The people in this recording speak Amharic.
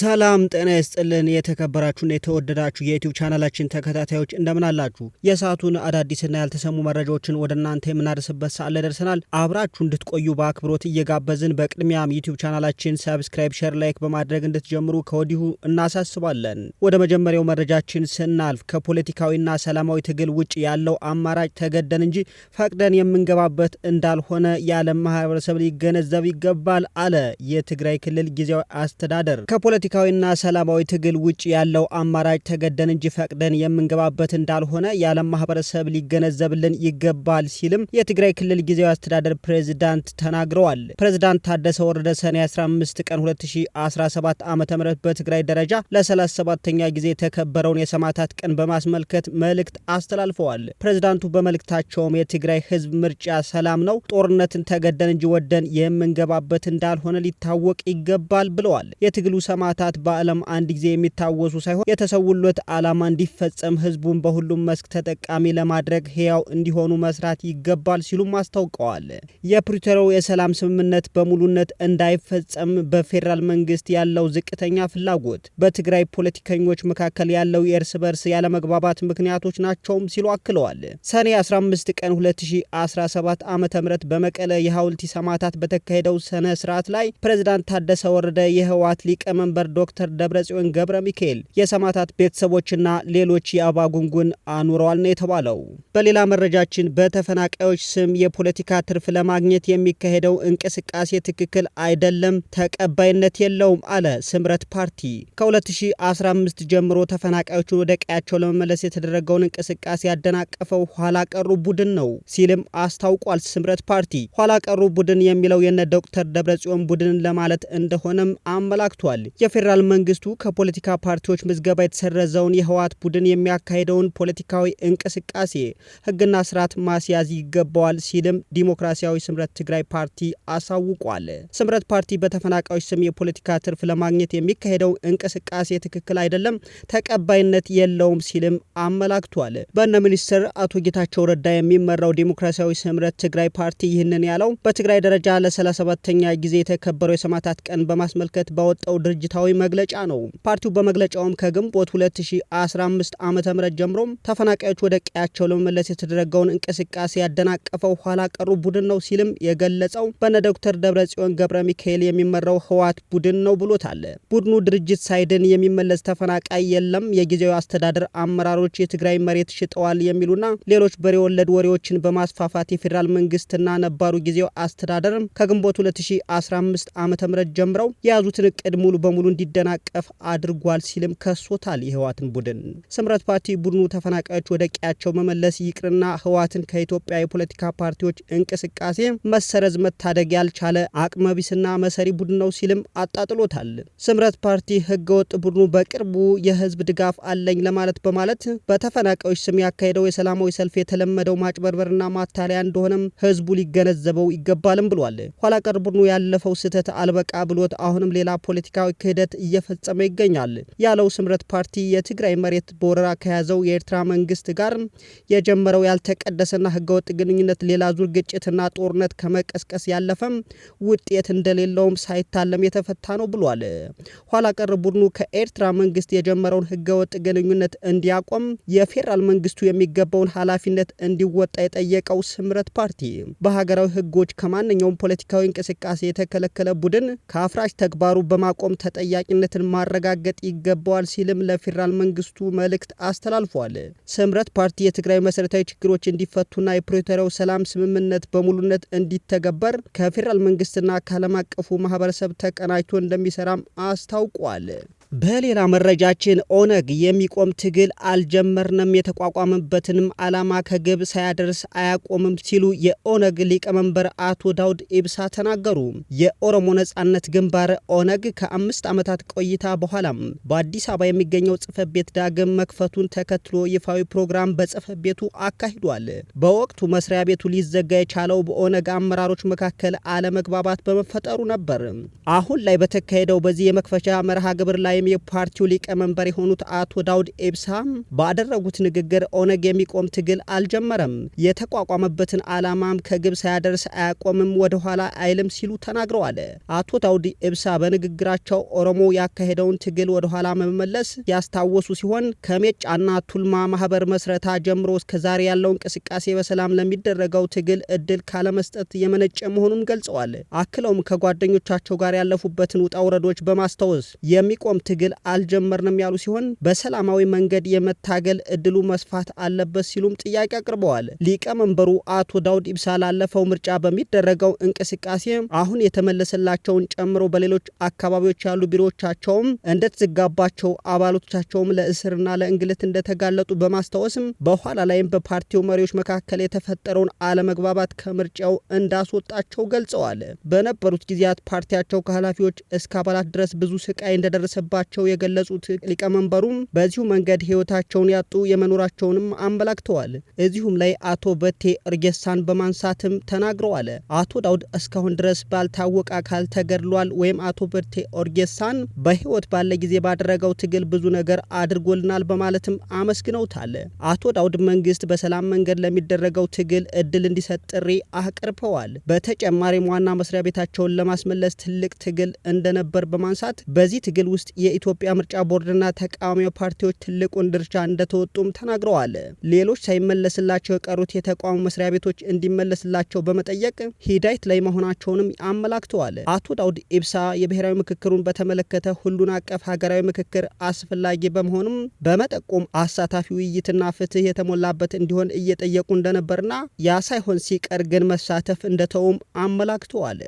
ሰላም ጤና ይስጥልን። የተከበራችሁና የተወደዳችሁ የዩቲዩብ ቻናላችን ተከታታዮች እንደምን አላችሁ? የሰዓቱን አዳዲስና ያልተሰሙ መረጃዎችን ወደ እናንተ የምናደርስበት ሰዓት ላይ ደርሰናል። አብራችሁ እንድትቆዩ በአክብሮት እየጋበዝን በቅድሚያም ዩቲዩብ ቻናላችን ሰብስክራይብ፣ ሸር ላይክ በማድረግ እንድትጀምሩ ከወዲሁ እናሳስባለን። ወደ መጀመሪያው መረጃችን ስናልፍ ከፖለቲካዊና ሰላማዊ ትግል ውጭ ያለው አማራጭ ተገደን እንጂ ፈቅደን የምንገባበት እንዳልሆነ የዓለም ማህበረሰብ ሊገነዘብ ይገባል አለ የትግራይ ክልል ጊዜያዊ አስተዳደር ከፖለቲካዊና ሰላማዊ ትግል ውጭ ያለው አማራጭ ተገደን እንጂ ፈቅደን የምንገባበት እንዳልሆነ የዓለም ማህበረሰብ ሊገነዘብልን ይገባል ሲልም የትግራይ ክልል ጊዜያዊ አስተዳደር ፕሬዚዳንት ተናግረዋል። ፕሬዚዳንት ታደሰ ወረደ ሰኔ 15 ቀን 2017 ዓ ም በትግራይ ደረጃ ለ37ተኛ ጊዜ የተከበረውን የሰማዕታት ቀን በማስመልከት መልእክት አስተላልፈዋል። ፕሬዚዳንቱ በመልእክታቸውም የትግራይ ህዝብ ምርጫ ሰላም ነው፣ ጦርነትን ተገደን እንጂ ወደን የምንገባበት እንዳልሆነ ሊታወቅ ይገባል ብለዋል። የትግሉ ሰማ ሰማዕታት በዓለም አንድ ጊዜ የሚታወሱ ሳይሆን የተሰውሎት ዓላማ እንዲፈጸም ህዝቡን በሁሉም መስክ ተጠቃሚ ለማድረግ ህያው እንዲሆኑ መስራት ይገባል ሲሉም አስታውቀዋል። የፕሪቶሪያው የሰላም ስምምነት በሙሉነት እንዳይፈጸም በፌዴራል መንግስት ያለው ዝቅተኛ ፍላጎት፣ በትግራይ ፖለቲከኞች መካከል ያለው የእርስ በርስ ያለመግባባት ምክንያቶች ናቸውም ሲሉ አክለዋል። ሰኔ 15 ቀን 2017 ዓ ም በመቀለ የሐውልቲ ሰማዕታት በተካሄደው ስነ ስርዓት ላይ ፕሬዚዳንት ታደሰ ወረደ የህወሓት ሊቀመንበር ሊቀመንበር ዶክተር ደብረጽዮን ገብረ ሚካኤል የሰማዕታት ቤተሰቦችና ሌሎች የአበባ ጉንጉን አኑረዋል ነው የተባለው። በሌላ መረጃችን በተፈናቃዮች ስም የፖለቲካ ትርፍ ለማግኘት የሚካሄደው እንቅስቃሴ ትክክል አይደለም፣ ተቀባይነት የለውም አለ ስምረት ፓርቲ። ከ2015 ጀምሮ ተፈናቃዮቹን ወደ ቀያቸው ለመመለስ የተደረገውን እንቅስቃሴ ያደናቀፈው ኋላ ቀሩ ቡድን ነው ሲልም አስታውቋል። ስምረት ፓርቲ ኋላ ቀሩ ቡድን የሚለው የነ ዶክተር ደብረጽዮን ቡድን ለማለት እንደሆነም አመላክቷል። የፌዴራል መንግስቱ ከፖለቲካ ፓርቲዎች ምዝገባ የተሰረዘውን የህወሓት ቡድን የሚያካሄደውን ፖለቲካዊ እንቅስቃሴ ህግና ስርዓት ማስያዝ ይገባዋል ሲልም ዲሞክራሲያዊ ስምረት ትግራይ ፓርቲ አሳውቋል። ስምረት ፓርቲ በተፈናቃዮች ስም የፖለቲካ ትርፍ ለማግኘት የሚካሄደው እንቅስቃሴ ትክክል አይደለም፣ ተቀባይነት የለውም ሲልም አመላክቷል። በእነ ሚኒስትር አቶ ጌታቸው ረዳ የሚመራው ዲሞክራሲያዊ ስምረት ትግራይ ፓርቲ ይህንን ያለው በትግራይ ደረጃ ለ 37 ጊዜ የተከበረው የሰማዕታት ቀን በማስመልከት ባወጣው ድርጅት ወቅታዊ መግለጫ ነው። ፓርቲው በመግለጫውም ከግንቦት 2015 ዓ ም ጀምሮም ተፈናቃዮች ወደ ቀያቸው ለመመለስ የተደረገውን እንቅስቃሴ ያደናቀፈው ኋላ ቀሩ ቡድን ነው ሲልም የገለጸው በነ ዶክተር ደብረጽዮን ገብረ ሚካኤል የሚመራው ህወሓት ቡድን ነው ብሎታል። ቡድኑ ድርጅት ሳይድን የሚመለስ ተፈናቃይ የለም፣ የጊዜያዊ አስተዳደር አመራሮች የትግራይ መሬት ሽጠዋል የሚሉና ሌሎች በሬ ወለድ ወሬዎችን በማስፋፋት የፌዴራል መንግስትና ነባሩ ጊዜው አስተዳደር ከግንቦት 2015 ዓ ም ጀምረው የያዙትን እቅድ ሙሉ በሙሉ እንዲደናቀፍ አድርጓል ሲልም ከሶታል የህወሓትን ቡድን። ስምረት ፓርቲ ቡድኑ ተፈናቃዮች ወደ ቀያቸው መመለስ ይቅርና ህወሓትን ከኢትዮጵያ የፖለቲካ ፓርቲዎች እንቅስቃሴ መሰረዝ መታደግ ያልቻለ አቅመቢስና መሰሪ ቡድን ነው ሲልም አጣጥሎታል። ስምረት ፓርቲ ህገወጥ ቡድኑ በቅርቡ የህዝብ ድጋፍ አለኝ ለማለት በማለት በተፈናቃዮች ስም ያካሄደው የሰላማዊ ሰልፍ የተለመደው ማጭበርበርና ማታለያ እንደሆነም ህዝቡ ሊገነዘበው ይገባልም ብሏል። ኋላ ቀር ቡድኑ ያለፈው ስህተት አልበቃ ብሎት አሁንም ሌላ ፖለቲካዊ ክህደ ሂደት እየፈጸመ ይገኛል ያለው ስምረት ፓርቲ የትግራይ መሬት በወረራ ከያዘው የኤርትራ መንግስት ጋር የጀመረው ያልተቀደሰና ህገወጥ ግንኙነት ሌላ ዙር ግጭትና ጦርነት ከመቀስቀስ ያለፈም ውጤት እንደሌለውም ሳይታለም የተፈታ ነው ብሏል። ኋላ ቀር ቡድኑ ከኤርትራ መንግስት የጀመረውን ህገወጥ ግንኙነት እንዲያቆም የፌዴራል መንግስቱ የሚገባውን ኃላፊነት እንዲወጣ የጠየቀው ስምረት ፓርቲ በሀገራዊ ህጎች ከማንኛውም ፖለቲካዊ እንቅስቃሴ የተከለከለ ቡድን ከአፍራሽ ተግባሩ በማቆም ተጠ ተጠያቂነትን ማረጋገጥ ይገባዋል ሲልም ለፌዴራል መንግስቱ መልእክት አስተላልፏል። ስምረት ፓርቲ የትግራይ መሰረታዊ ችግሮች እንዲፈቱና የፕሪቶሪያው ሰላም ስምምነት በሙሉነት እንዲተገበር ከፌዴራል መንግስትና ከዓለም አቀፉ ማህበረሰብ ተቀናጅቶ እንደሚሰራም አስታውቋል። በሌላ መረጃችን ኦነግ የሚቆም ትግል አልጀመርንም፣ የተቋቋመበትንም ዓላማ ከግብ ሳያደርስ አያቆምም ሲሉ የኦነግ ሊቀመንበር አቶ ዳውድ ኢብሳ ተናገሩ። የኦሮሞ ነጻነት ግንባር ኦነግ ከአምስት ዓመታት ቆይታ በኋላም በአዲስ አበባ የሚገኘው ጽህፈት ቤት ዳግም መክፈቱን ተከትሎ ይፋዊ ፕሮግራም በጽህፈት ቤቱ አካሂዷል። በወቅቱ መስሪያ ቤቱ ሊዘጋ የቻለው በኦነግ አመራሮች መካከል አለመግባባት በመፈጠሩ ነበር። አሁን ላይ በተካሄደው በዚህ የመክፈቻ መርሃ ግብር ላይ በተለይም የፓርቲው ሊቀመንበር የሆኑት አቶ ዳውድ ኤብሳ ባደረጉት ንግግር ኦነግ የሚቆም ትግል አልጀመረም፣ የተቋቋመበትን ዓላማም ከግብ ሳያደርስ አያቆምም፣ ወደኋላ አይልም ሲሉ ተናግረዋል። አቶ ዳውድ ኤብሳ በንግግራቸው ኦሮሞ ያካሄደውን ትግል ወደኋላ መመለስ ያስታወሱ ሲሆን ከሜጫና ቱልማ ማህበር መስረታ ጀምሮ እስከ ዛሬ ያለው እንቅስቃሴ በሰላም ለሚደረገው ትግል እድል ካለመስጠት የመነጨ መሆኑን ገልጸዋል። አክለውም ከጓደኞቻቸው ጋር ያለፉበትን ውጣ ውረዶች በማስታወስ የሚቆም ትግል አልጀመርንም ያሉ ሲሆን በሰላማዊ መንገድ የመታገል እድሉ መስፋት አለበት ሲሉም ጥያቄ አቅርበዋል። ሊቀመንበሩ አቶ ዳውድ ኢብሳ ላለፈው ምርጫ በሚደረገው እንቅስቃሴ አሁን የተመለሰላቸውን ጨምሮ በሌሎች አካባቢዎች ያሉ ቢሮዎቻቸውም እንደተዘጋባቸው አባሎቻቸውም ለእስርና ለእንግልት እንደተጋለጡ በማስታወስም በኋላ ላይም በፓርቲው መሪዎች መካከል የተፈጠረውን አለመግባባት ከምርጫው እንዳስወጣቸው ገልጸዋል። በነበሩት ጊዜያት ፓርቲያቸው ከኃላፊዎች እስከ አባላት ድረስ ብዙ ስቃይ እንደደረሰባ እንደደረሰባቸው የገለጹት ሊቀመንበሩም በዚሁ መንገድ ህይወታቸውን ያጡ የመኖራቸውንም አመላክተዋል። እዚሁም ላይ አቶ በቴ እርጌሳን በማንሳትም ተናግረዋል። አቶ ዳውድ እስካሁን ድረስ ባልታወቀ አካል ተገድሏል ወይም አቶ በቴ ኦርጌሳን በህይወት ባለ ጊዜ ባደረገው ትግል ብዙ ነገር አድርጎልናል በማለትም አመስግነውታል። አቶ ዳውድ መንግስት በሰላም መንገድ ለሚደረገው ትግል እድል እንዲሰጥ ጥሪ አቅርበዋል። በተጨማሪም ዋና መስሪያ ቤታቸውን ለማስመለስ ትልቅ ትግል እንደነበር በማንሳት በዚህ ትግል ውስጥ የኢትዮጵያ ምርጫ ቦርድና ተቃዋሚ ፓርቲዎች ትልቁን ድርሻ እንደተወጡም ተናግረዋል። ሌሎች ሳይመለስላቸው የቀሩት የተቋሙ መስሪያ ቤቶች እንዲመለስላቸው በመጠየቅ ሂዳይት ላይ መሆናቸውንም አመላክተዋል። አቶ ዳውድ ኢብሳ የብሔራዊ ምክክሩን በተመለከተ ሁሉን አቀፍ ሀገራዊ ምክክር አስፈላጊ በመሆኑም በመጠቆም አሳታፊ ውይይትና ፍትህ የተሞላበት እንዲሆን እየጠየቁ እንደነበርና ያ ሳይሆን ሲቀር ግን መሳተፍ እንደተውም አመላክተዋል።